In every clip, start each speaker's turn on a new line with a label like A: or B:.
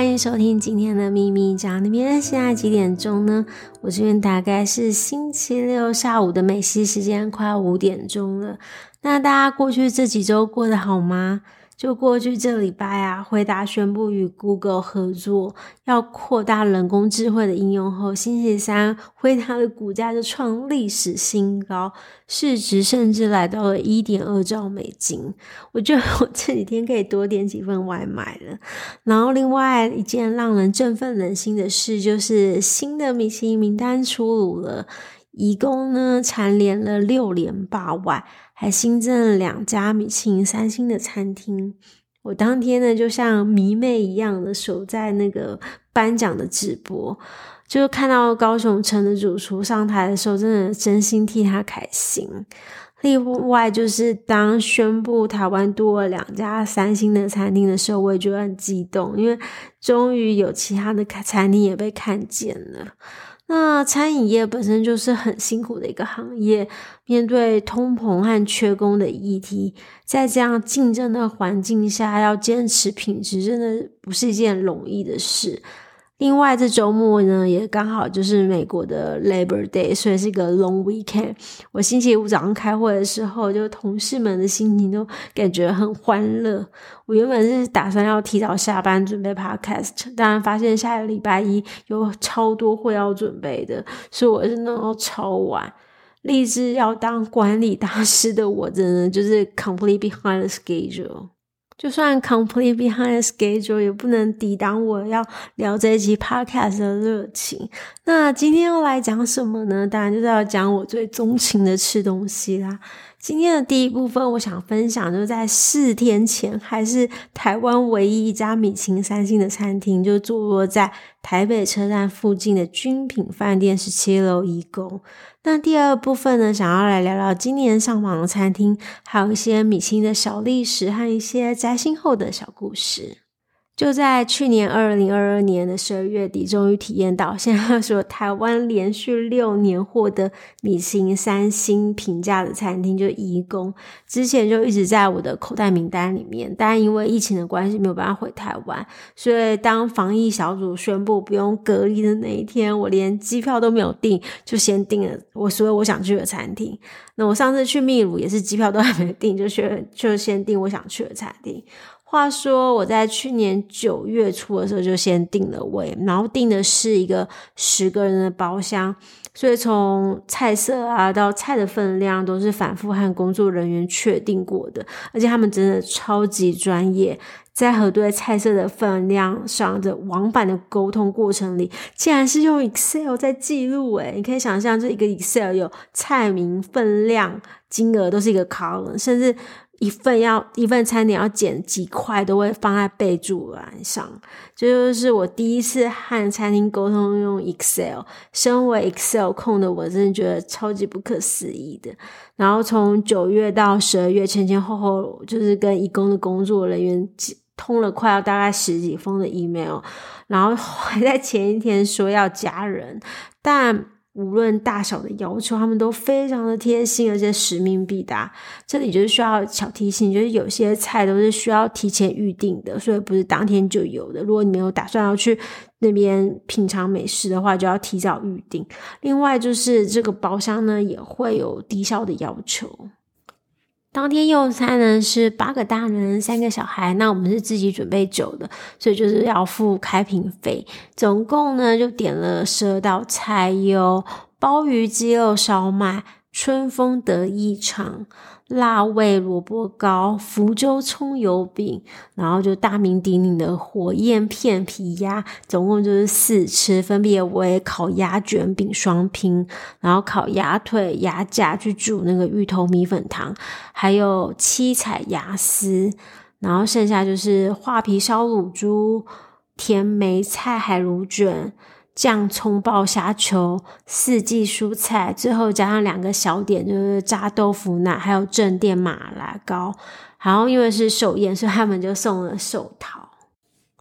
A: 歡迎收聽今天的秘密講。那邊現在幾點鐘呢？我這邊大概是星期六下午的美西時間，快五點鐘了。那大家過去這幾周過得好嗎？就過去這禮拜啊，輝達宣布與 Google 合作，要擴大人工智慧的應用後，星期三輝達的股價就創歷史新高，市值甚至來到了一點二兆美金。我覺得我這幾天可以多點幾份外賣了。然後另外一件讓人振奮人心的事，就是新的米其林名單出爐了。一共呢，蟬聯了六連霸外，還新增了兩家米其林三星的餐廳。我當天呢，就像迷妹一樣的守在那個頒獎的直播，就看到高雄城的主廚上台的時候，真的真心替他開心。另外，就是當宣布台灣多了兩家三星的餐廳的時候，我也覺得很激動，因為終於有其他的餐廳也被看見了。那餐飲業本身就是很辛苦的一個行業，面對通膨和缺工的議題，在這樣競爭的環境下，要堅持品質，真的不是一件容易的事。另外，這周末呢也剛好就是美國的 Labor Day，所以是個 long weekend，我星期五早上開會的時候，就同事們的心情都感覺很歡樂。我原本是打算要提早下班準備 podcast，但發現下個禮拜一有超多會要準備的，所以我是弄到超晚。立志要當管理大師的我，真的就是 completely behind the schedule。就算 complete behind schedule，也不能抵擋我要聊這一期 podcast 的熱情。那今天要來講什麼呢？當然就是要講我最鍾情的吃東西啦。今天的第一部分，我想分享，就是在四天前，還是台灣唯一一家米其林三星的餐廳，就坐落在台北車站附近的君品飯店十七樓頤宮。那第二部分呢，想要來聊聊今年上榜的餐廳，還有一些米其林的小歷史和一些摘星後的小故事。就在去年二零二二年的十二月底，終於體驗到。現在說台灣連續六年獲得米其林三星評價的餐廳，就是頤宮。之前就一直在我的口袋名單裡面，但因為疫情的關係，沒有辦法回台灣。所以當防疫小組宣布不用隔離的那一天，我連機票都沒有訂，就先訂了我所有我想去的餐廳。那我上次去秘魯也是機票都還沒訂，就就先訂我想去的餐廳。話說我在去年九月初的時候就先訂了位，然後訂的是一個十個人的包廂，所以從菜色啊到菜的分量都是反複和工作人員確定過的，而且他們真的超級專業，在核對菜色的分量上的往返的溝通過程裡，竟然是用 Excel 在記錄，欸，哎，你可以想象這一個 Excel 有菜名、分量、金額都是一個 column，甚至。一份要一份餐點要減幾塊，都會放在備註欄上。這就就是我第一次和餐廳溝通用 Excel。身為 Excel 控的我，真的覺得超級不可思議的。然後從九月到十二月，前前後後就是跟頤宮的工作人員通了快要大概十幾封的 email。然後還在前一天說要加人，但。無論大小的要求，他們都非常的貼心，而且使命必達。這裡就是需要小提醒，就是有些菜都是需要提前預定的，所以不是當天就有的。如果你沒有打算要去那邊品嘗美食的話，就要提早預定。另外就是這個包廂呢，也會有低消的要求。當天用餐呢，是八個大人，三個小孩，那我們是自己準備酒的，所以就是要付開瓶費。總共呢就點了十二道菜，有鮑魚雞肉燒賣春風得意腸，臘味蘿蔔糕，福州蔥油餅，然後就大名鼎鼎的火焰片皮鴨，總共就是四吃，分別為烤鴨卷餅雙拼，然後烤鴨腿、鴨架去煮那個芋頭米粉湯，還有七彩鴨絲，然後剩下就是化皮燒乳豬，甜梅菜海乳卷。醬蔥爆蝦球、四季蔬菜，最後加上兩個小點，就是炸豆腐奶，還有正店馬拉糕。然後因為是壽宴，所以他們就送了壽桃。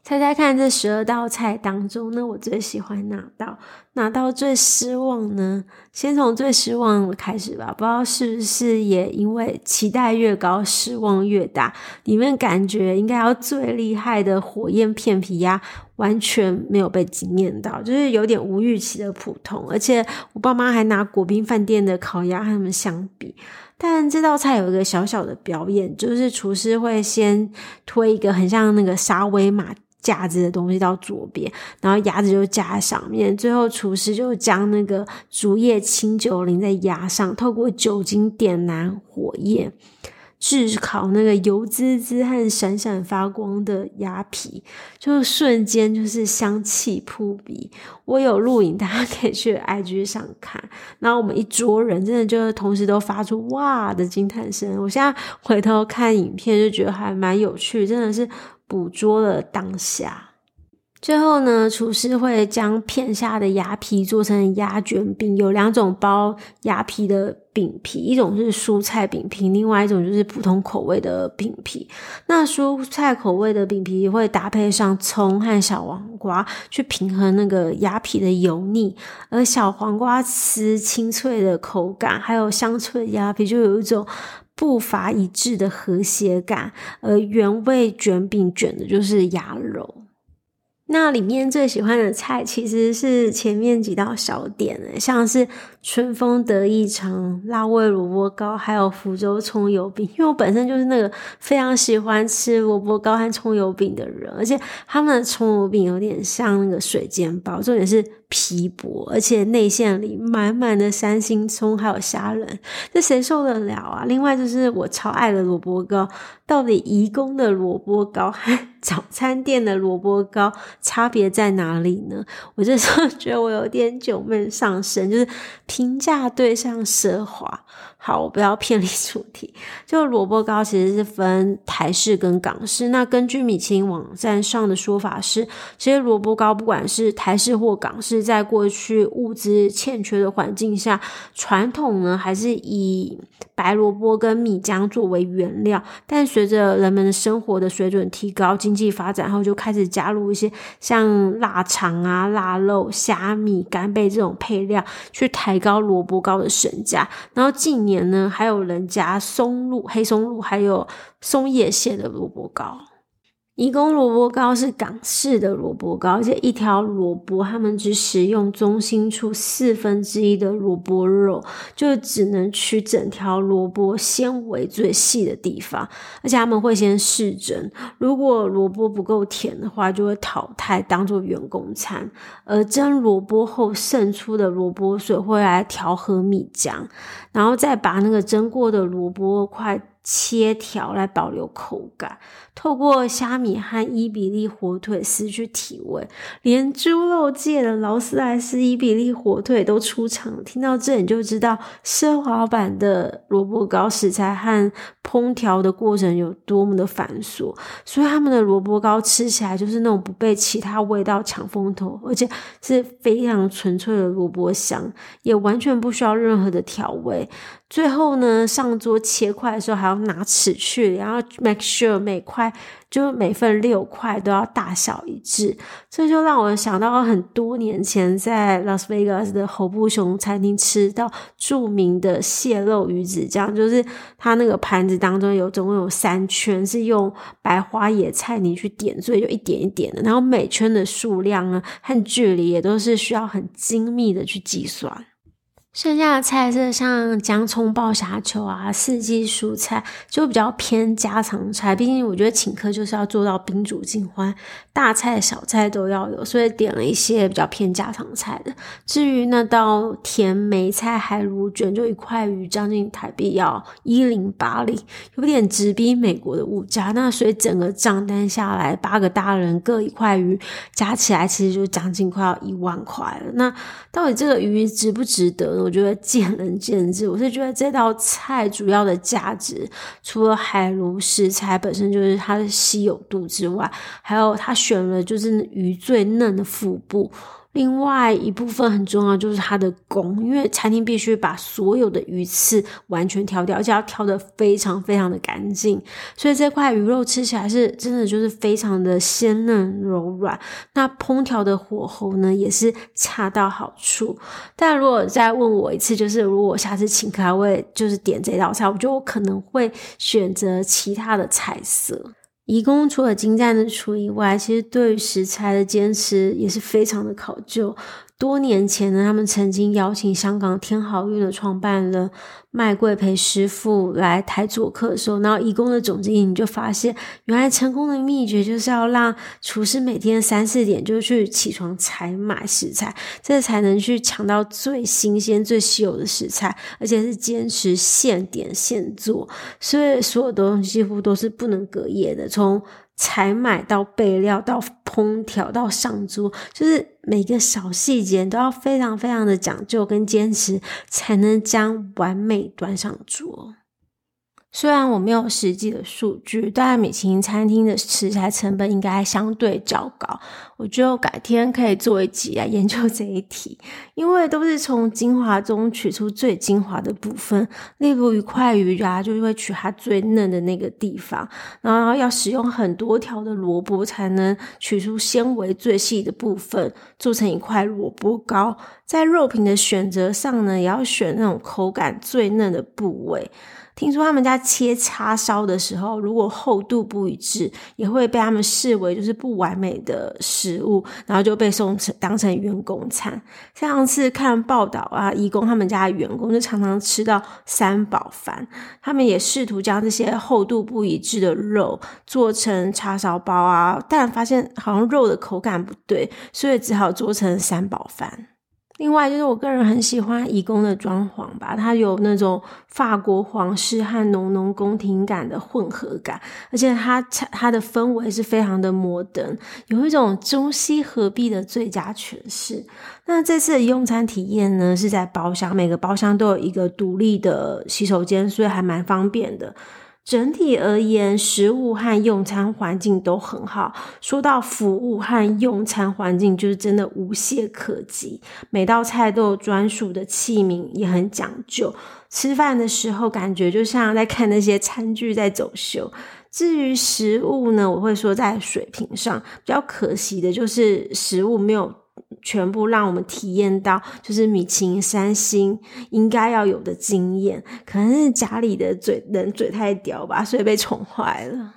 A: 猜猜看，這十二道菜當中，那我最喜歡哪道？哪道最失望呢？先從最失望開始吧。不知道是不是也因為期待越高，失望越大？裡面感覺應該要最厲害的火焰片皮鴨。完全沒有被驚艷到，就是有點無預期的普通。而且我爸媽還拿國賓飯店的烤鴨和他們相比。但這道菜有一個小小的表演，就是廚師會先推一個很像那個沙威瑪架子的東西到左邊，然後鴨子就夾上面。最後廚師就將那個竹葉青酒淋在鴨上，透過酒精點燃火焰。炙烤那個油滋滋和閃閃發光的鴨皮，就瞬間就是香氣撲鼻。我有錄影，大家可以去 IG 上看。然後我們一桌人真的就同時都發出“哇”的驚嘆聲。我現在回頭看影片，就覺得還蠻有趣，真的是捕捉了當下。最後呢，廚師會將片下的鴨皮做成鴨卷餅，有兩種包鴨皮的餅皮，一種是蔬菜餅皮，另外一種就是普通口味的餅皮。那蔬菜口味的餅皮會搭配上蔥和小黃瓜，去平衡那個鴨皮的油膩，而小黃瓜吃清脆的口感，還有香脆的鴨皮，就有一種步伐一致的和諧感。而原味卷餅卷的就是鴨肉。那裡面最喜歡的菜其實是前面幾道小點誒、欸，像是春風得意腸、臘味蘿蔔糕，還有福州蔥油餅。因為我本身就是那個非常喜歡吃蘿蔔糕和蔥油餅的人，而且他們的蔥油餅有點像那個水煎包，重點是皮薄，而且內餡裡滿滿的三星蔥還有蝦仁，這誰受得了啊？另外就是我超愛的蘿蔔糕，到底頤宮的蘿蔔糕。早餐店的蘿蔔糕差別在哪裡呢？我這時候覺得我有點酒悶上身，就是平價對上奢華。好，我不要偏離主題。就蘿蔔糕其實是分台式跟港式。那根據米其林網站上的說法是，其實蘿蔔糕不管是台式或港式，在過去物資欠缺的環境下，傳統呢還是以白蘿蔔跟米漿作為原料。但隨着人們的生活的水準提高。經濟發展後，就開始加入一些像臘腸啊、臘肉、蝦米、干貝這種配料，去抬高蘿蔔糕的身價。然後近年呢，還有人加松露、黑松露，還有松葉蟹的蘿蔔糕。頤宮蘿蔔糕，糕是港式的蘿蔔糕，而且一條蘿蔔，他們只使用中心處四分之一的蘿蔔肉，就只能取整條蘿蔔纖維最細的地方。而且他們會先試蒸，如果蘿蔔不夠甜的話，就會淘汰當做員工餐。而蒸蘿蔔後滲出的蘿蔔水會來調和米漿，然後再把那個蒸過的蘿蔔塊切條來保留口感。透過蝦米和伊比利火腿失去體味，連豬肉界的勞斯萊斯伊比利火腿都出場。聽到這你就知道奢華版的蘿蔔糕食材和烹調的過程有多麼的繁瑣。所以他們的蘿蔔糕吃起來就是那種不被其他味道搶風頭，而且是非常純粹的蘿蔔香，也完全不需要任何的調味。最後呢，上桌切塊的時候還要拿尺去量，然後 make sure 每塊。就每份六塊都要大小一致，所以就讓我想到很多年前在拉斯維加斯的侯布雄餐廳吃到著名的蟹肉魚子醬，這樣就是它那個盤子當中有總共有三圈，是用白花椰菜泥去點綴，就一點一點的，然後每圈的數量啊和距離也都是需要很精密的去計算。剩下的菜是像薑蔥爆蝦球啊，四季蔬菜就比較偏家常菜。畢竟我覺得請客就是要做到賓主盡歡，大菜小菜都要有，所以點了一些比較偏家常菜的。至於那道甜梅菜海鱸卷，就一塊魚將近台幣要一零八零，有點直逼美國的物價。那所以整個賬單下來，八個大人各一塊魚，加起來其實就將近快要一萬塊了。那到底這個魚值不值得呢？我覺得見仁見智。我是覺得這道菜主要的價值，除了海鱸食材本身就是它的稀有度之外，還有它選了就是魚最嫩的腹部。另外一部分很重要，就是它的工，因為餐廳必須把所有的魚刺完全挑掉，而且要挑得非常非常的乾淨，所以這塊魚肉吃起來是真的就是非常的鮮嫩柔軟。那烹調的火候呢，也是恰到好處。但如果再問我一次，就是如果下次請客，我也就是點這道菜，我覺得我可能會選擇其他的菜色。頤宮除了精湛的廚藝以外，其實對於食材的堅持也是非常的考究。多年前呢，他們曾經邀請香港添好運的創辦人麥桂培師傅來台做客的時候，然後頤宮的總經理就發現，原來成功的秘訣就是要讓廚師每天三四點就去起床採買食材，這才能去搶到最新鮮、最稀有的食材，而且是堅持現點現做，所以所有東西幾乎都是不能隔夜的，從採買到備料到烹調到上桌，就是每個小細節都要非常非常的講究跟堅持，才能將完美端上桌。雖然我沒有實際的數據，但米其林餐廳的食材成本應該相對較高。我就改天可以做一集來研究這一題，因為都是從精華中取出最精華的部分。例如一塊魚啊，就是會取它最嫩的那個地方；然後要使用很多條的蘿蔔，才能取出纖維最細的部分，做成一塊蘿蔔糕。在肉品的選擇上呢，也要選那種口感最嫩的部位。聽說他們家切叉燒的時候，如果厚度不一致，也會被他們視為就是不完美的食物，然後就被送成當成員工餐。上次看報道啊，頤宮他們家的員工就常常吃到三寶飯。他們也試圖將這些厚度不一致的肉做成叉燒包啊，但發現好像肉的口感不對，所以只好做成三寶飯。另外就是我個人很喜歡頤宮的裝潢吧，它有那種法國皇室和濃濃宮廷感的混合感，而且它它的氛圍是非常的摩登，有一種中西合璧的最佳詮釋。那這次的用餐體驗呢，是在包廂，每個包廂都有一個獨立的洗手間，所以還蠻方便的。整體而言，食物和用餐環境都很好。說到服務和用餐環境，就是真的無懈可擊。每道菜都有專屬的器皿，也很講究。吃飯的時候，感覺就像在看那些餐具在走秀。至於食物呢，我會說在水平上比較可惜的就是食物沒有。全部讓我們體驗到就是米其林三星應該要有的經驗，可能是家裡的嘴人嘴太刁吧，所以被寵壞了。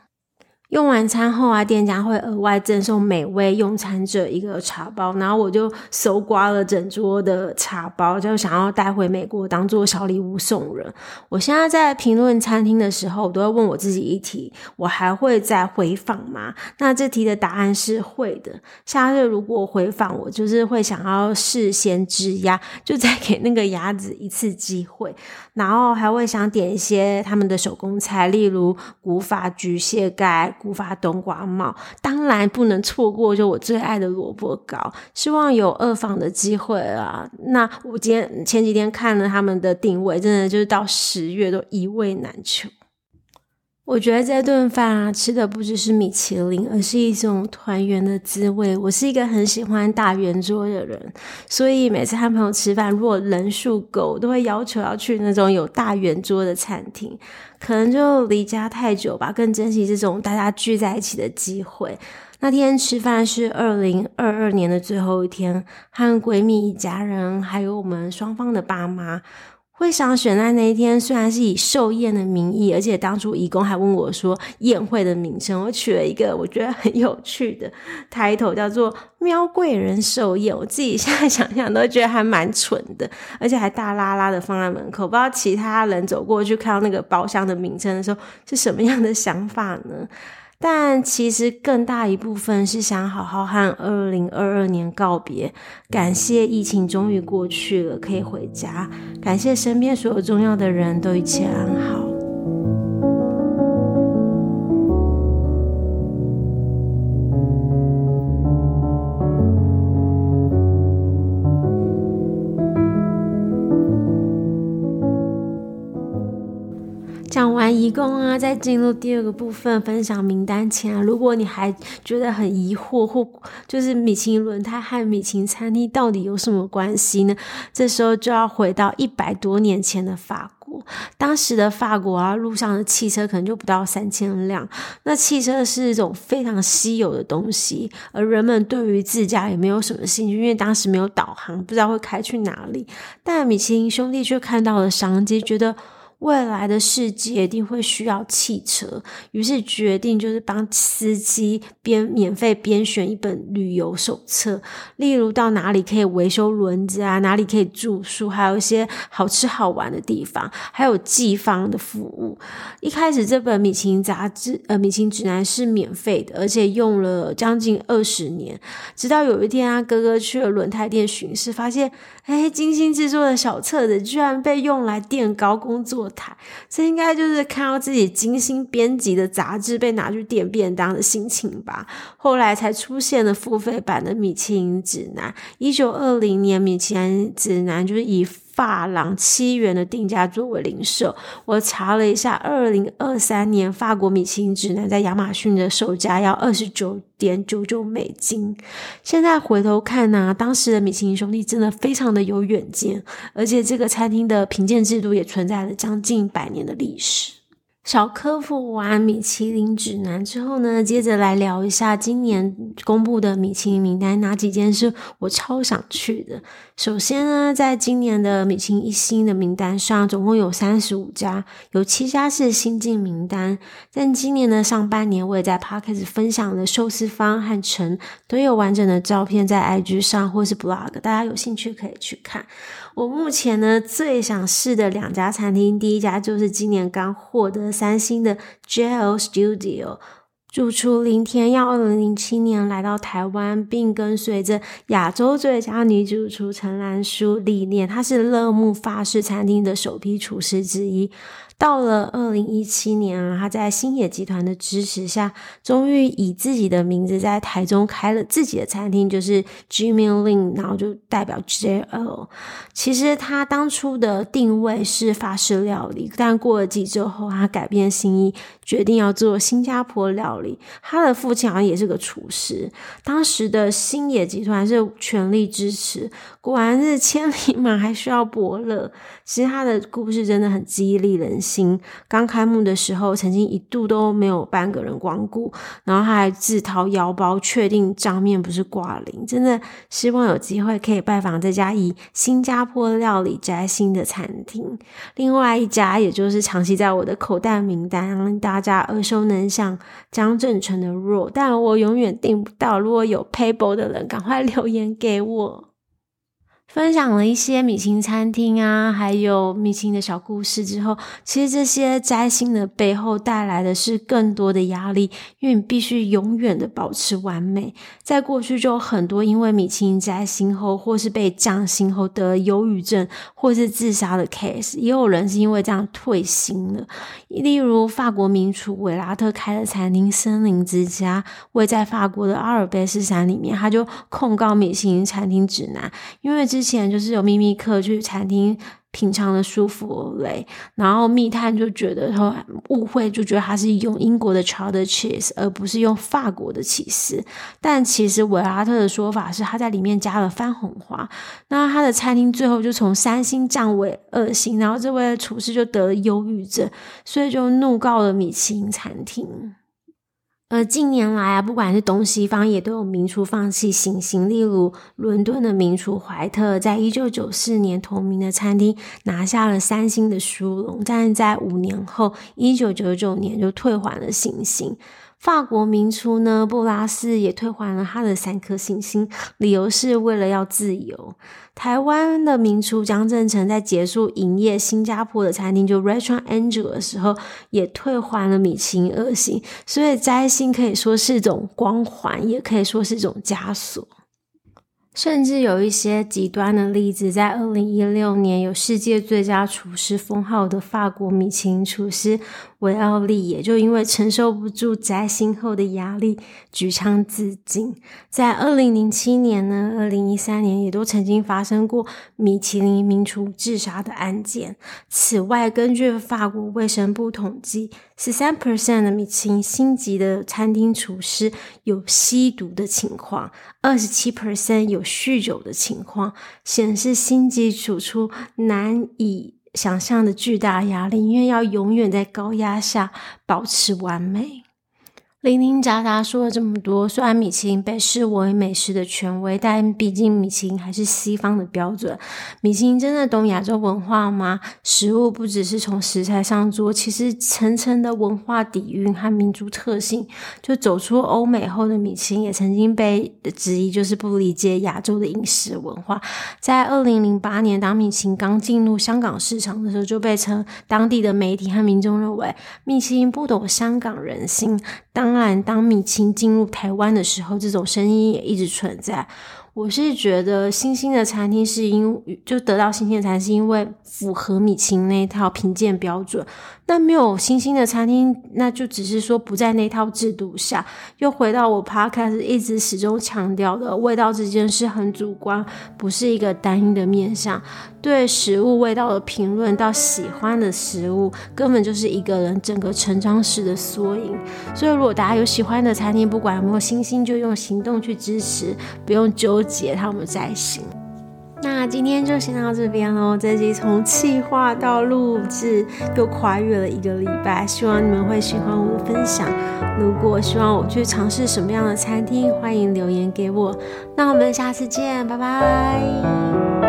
A: 用完餐後啊，店家會額外贈送每位用餐者一個茶包，然後我就搜刮了整桌的茶包，就想要帶回美國當做小禮物送人。我現在在評論餐廳的時候，我都會問我自己一題：我還會再回訪嗎？那這題的答案是會的。下次如果回訪，我就是會想要事先訂鴨，就再給那個鴨子一次機會，然後還會想點一些他們的手工菜，例如古法焗蟹蓋。古法冬瓜帽，當然不能錯過。就我最愛的蘿蔔糕，希望有二訪的機會啊！那我今天前幾天看了他們的訂位，真的就是到十月都一位難求。我覺得這頓飯啊，吃的不只是米其林，而是一種團圓的滋味。我是一個很喜歡大圓桌的人，所以每次和朋友吃飯，如果人數夠，都會要求要去那種有大圓桌的餐廳。可能就離家太久吧，更珍惜這種大家聚在一起的機會。那天吃飯是二零二二年的最後一天，和閨蜜、家人還有我們雙方的爸媽。會想選在那一天，雖然是以壽宴的名義，而且當初義工還問我說宴會的名稱，我取了一個我覺得很有趣的抬頭，叫做“喵貴人壽宴”。我自己現在想想都覺得還蠻蠢的，而且還大剌剌的放在門口，不知道其他人走過去看到那個包廂的名稱的時候，是什麼樣的想法呢？但其實更大一部分是想好好和2022年告別，感謝疫情終於過去了，可以回家，感謝身邊所有重要的人都一切安好。講完頤宮啊，再進入第二個部分分享名單前啊，如果你還覺得很疑惑，或就是米其林輪胎和米其林餐廳到底有什麼關係呢？這時候就要回到一百多年前的法國，當時的法國啊，路上的汽車可能就不到三千輛，那汽車是一種非常稀有的東西，而人們對於自駕也沒有什麼興趣，因為當時沒有導航，不知道會開去哪裡。但米其林兄弟卻看到了商機，覺得。未來的世界一定會需要汽車，於是決定就是幫司機邊免費編選一本旅遊手冊，例如到哪裡可以維修輪子啊，哪裡可以住宿，還有一些好吃好玩的地方，還有寄放的服務。一開始這本米其林雜誌，呃，米其林指南是免費的，而且用了將近二十年，直到有一天、啊，他哥哥去了輪胎店巡視，發現。那些精心製作的小冊子，居然被用來墊高工作台，這應該就是看到自己精心編輯的雜誌被拿去墊便當的心情吧。後來才出現了付費版的《米其林指南》。一九二零年，《米其林指南》就是以。法郎七元的定價作為零售，我查了一下，二零二三年法國米其林指南在亞馬遜的售價要二十九點九九美金。現在回頭看呢，當時的米其林兄弟真的非常的有遠見，而且這個餐廳的評鑑制度也存在了將近百年的歷史。小科普完米其林指南之後呢，接着來聊一下今年公布的米其林名單，哪幾間是我超想去的。首先呢，在今年的米其林一星的名單上，總共有三十五家，有七家是新進名單。但今年的上半年，我也在 Podcast 分享了壽司方和城，都有完整的照片在 IG 上或是 Blog，大家有興趣可以去看。我目前呢，最想試的兩家餐廳，第一家就是今年剛獲得三星的 JL Studio，主廚林恬耀二零零七年來到台灣，並跟隨着亞洲最佳女主廚陳嵐舒歷練，他是樂沐法式餐廳的首批廚師之一。到了二零一七年啊，他在星野集團的支持下，終於以自己的名字在台中開了自己的餐廳，就是 Jimmy Lim，然後就代表 J L。其實他當初的定位是法式料理，但過了幾周後，他改變心意。決定要做新加坡料理，他的父親好像也是個廚師。當時的新野集團是全力支持。果然，是千里馬還需要伯樂。其實他的故事真的很激勵人心。剛開幕的時候，曾經一度都沒有半個人光顧，然後他還自掏腰包確定賬面不是掛零。真的希望有機會可以拜訪這家以新加坡料理摘星的餐廳。另外一家，也就是長期在我的口袋名單，讓大家。大家耳熟能詳，江振誠的 RAW，但我永遠訂不到。如果有 payble 的人，趕快留言給我。分享了一些米其林餐廳啊，還有米其林的小故事之後，其實這些摘星的背後帶來的是更多的壓力，因為你必須永遠的保持完美。在過去就有很多因為米其林摘星後或是被降星後得了憂鬱症，或是自殺的 case，也有人是因為這樣退星了。例如法國名廚維拉特開的餐廳“森林之家”位在法國的阿爾卑斯山裡面，他就控告米其林餐廳指南，因為這。之前就是有秘密客去餐廳品嘗的舒芙蕾，然後密探就覺得後來，誤會，就覺得他是用英國的 cheddar cheese 而不是用法國的起司。但其實維拉特的說法是他在裡面加了番紅花。那他的餐廳最後就從三星降為二星，然後這位廚師就得了憂鬱症，所以就怒告了米其林餐廳。呃，近年來啊，不管是東西方，也都有名廚放棄星星。例如，倫敦的名廚懷特在，在一九九四年同名的餐廳拿下了三星的殊榮，但是在五年後，一九九九年就退還了星星。法國名廚呢，布拉斯也退還了他的三顆星星，理由是為了要自由。台灣的名廚江振誠，在結束營業新加坡的餐廳就 Restaurant André 的時候，也退還了米其林二星。所以摘星可以說是一種光環，也可以說是一種枷鎖。甚至有一些極端的例子，在二零一六年，有世界最佳廚師封號的法國米其林廚師維奧利也，也就因為承受不住摘星後的壓力，舉槍自盡。在二零零七年呢，二零一三年也都曾經發生過米其林名廚自殺的案件。此外，根據法國衛生部統計，十三 percent 的米其林星級的餐廳廚師有吸毒的情況，二十七 percent 有酗酒的情況，顯示星級主廚難以想象的巨大壓力，因為要永遠在高壓下保持完美。零零雜雜說了這麼多，雖然米其林被視為美食的權威，但畢竟米其林還是西方的標準。米其林真的懂亞洲文化嗎？食物不只是從食材上做，其實層層的文化底蘊和民族特性，就走出歐美後的米其林也曾經被質疑，就是不理解亞洲的飲食文化。在二零零八年，當米其林剛進入香港市場的時候，就被稱當地的媒體和民眾認為米其林不懂香港人心。當當然，當米其林進入台灣的時候，這種聲音也一直存在。我是覺得，新興的餐廳是因就得到新興餐廳，因為符合米其林那一套評鑑標準。那沒有星星的餐廳，那就只是說不在那套制度下。又回到我 podcast 一直始終強調的味道這件事很主觀，不是一個單一的面向。對食物味道的評論到喜歡的食物，根本就是一個人整個成長史的縮影。所以，如果大家有喜歡的餐廳，不管有沒有星星，就用行動去支持，不用糾結他們在行。那今天就先到這邊嘍、哦。這集從企劃到錄製，又跨越了一個禮拜，希望你們會喜歡我的分享。如果希望我去嘗試什麼樣的餐廳，歡迎留言給我。那我們下次見，拜拜。